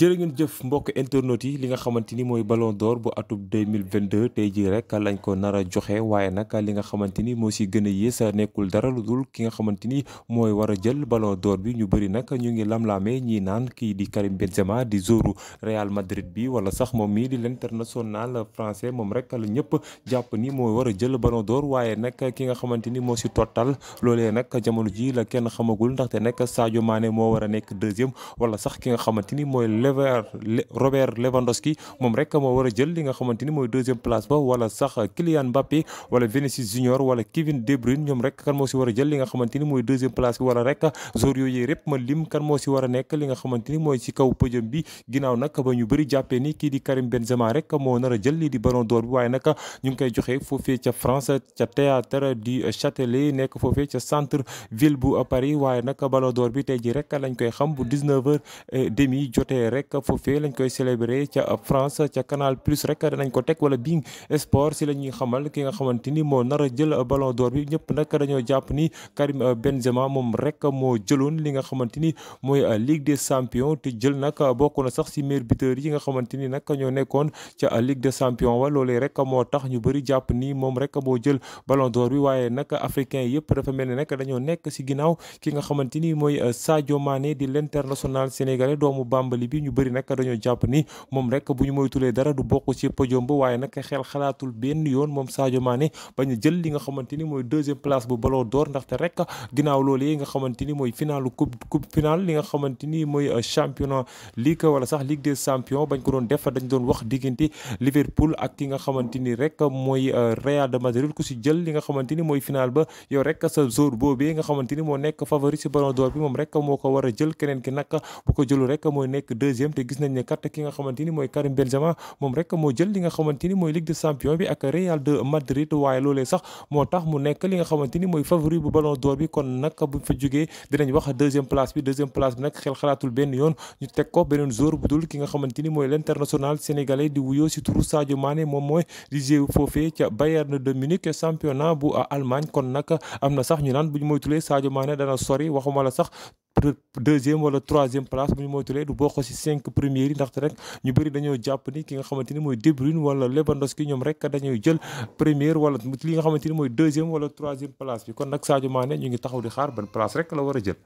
jërë ngeen jëf mbokk internautes yi li nga xamante ni mooy ballon d'or bu atub 2022 te jii rek lañ ko nar a joxe waaye nag li nga xamante ni moo si gën a yées nekkul dara ki nga xamante ni mooy war a jël ballon d'or bi ñu bëri nag ñu ngi lamlaame ñi naan kii di Karim Benzema di zooru Real Madrid bi wala sax moom mii di l'international français moom rek la ñëpp jàpp ni mooy war a jël ballon door waaye nag ki nga xamante ni moo si tottal loole nag jamono ji la kenn xamagul ndaxte nag Sadio Mané moo war a nekk deuxième wala Robert Robert Lewandowski moom rek moo war a jël li nga xamante ni mooy deuxième place ba wala sax Kylian Mbappé wala Vinicius Junior wala Kevin De ñoom rek kan moo si war a jël li nga xamante mooy si a kaw pëjëm bi ginnaaw nag ba ñu bëri jàppee ni kii di Karim Benzema rek moo nar a jël lii di ballon d'or bi waaye nag ñu ngi joxe foofee ca France ca théâtre du Châtelet nekk foofee ca centre ville bu Paris waaye nag ballon d'or bi tey ji rek lañ rek foofee lañ koy célébrer ca France ca Canal Plus rek danañ ko teg wala Bein Sport si la ñuy xamal ki nga xamante ni moo nar jël ballon d'or bi ñëpp nag dañoo jàpp ni Karim Benzema moom rek moo jëloon li nga xamante ni mooy Ligue des Champions te jël nag bokk na sax si meilleur buteur yi nga xamante ni nag ñoo nekkoon ca Ligue des Champions wa loolee rek moo tax ñu bëri jàpp ni moom rek moo jël ballon d'or bi waaye nag africain yëpp dafa mel ni nag dañoo nekk si ginnaaw ki nga xamante ni mooy Sadio Mané di l'international sénégalais doomu Bambali bi ñu bëri nag dañoo jàpp ni moom rek bu ñu moytulee dara du bokk ci podium ba waaye nag xel xalaatul benn yoon moom Sadio Mané bañ a jël li nga xamante ni mooy deuxième place bu Ballon d'Or ndaxte rek ginnaaw loolu nga xamante ni mooy finalu coupe coupe final li euh, championnat ligue wala sax ligue des champions bañ ko doon def dañ doon wax diggante Liverpool ak ki nga xamante ni mooy euh, Real de Madrid ku si jël li nga xamante mooy final ba yow rek sa jour boobee nga xamante moo nekk favori si Ballon d'Or bi moom rek moo ko war a jël keneen deuxième te gis nañ ne kat ki nga xamante ni mooy Karim Benzema moom rek moo jël li nga xamante ni mooy lig des Champions bi ak de waaye loolee sax moo tax mu nekk li nga xamante ni mooy favori bu Ballon d'Or bi kon nag buñ fa jógee dinañ wax deuxième place bi deuxième place bi nag benn yoon ñu teg ko beneen jour bu dul ki nga xamante ni mooy l'international sénégalais di wuyoo si turu Sadio Mané moom mooy di jéew foofee ca Bayern de Munich championnat bu Allemagne kon nag am na sax ñu naan bu ñu moytulee Sadio Mané dana sori waxuma la sax deuxième wala troisième place bu ñu moytulee du bokk ci cinq premiers yi ndaxte rek ñu bëri dañoo jàpp ni ki nga xamante ni mooy De Bruyne wala Lewandowski ñoom rek dañuy jël première wala li nga xamante ni mooy deuxième wala troisième place bi kon nag Sadio Mané ñu ngi taxaw di xaar ban place rek la war a jël.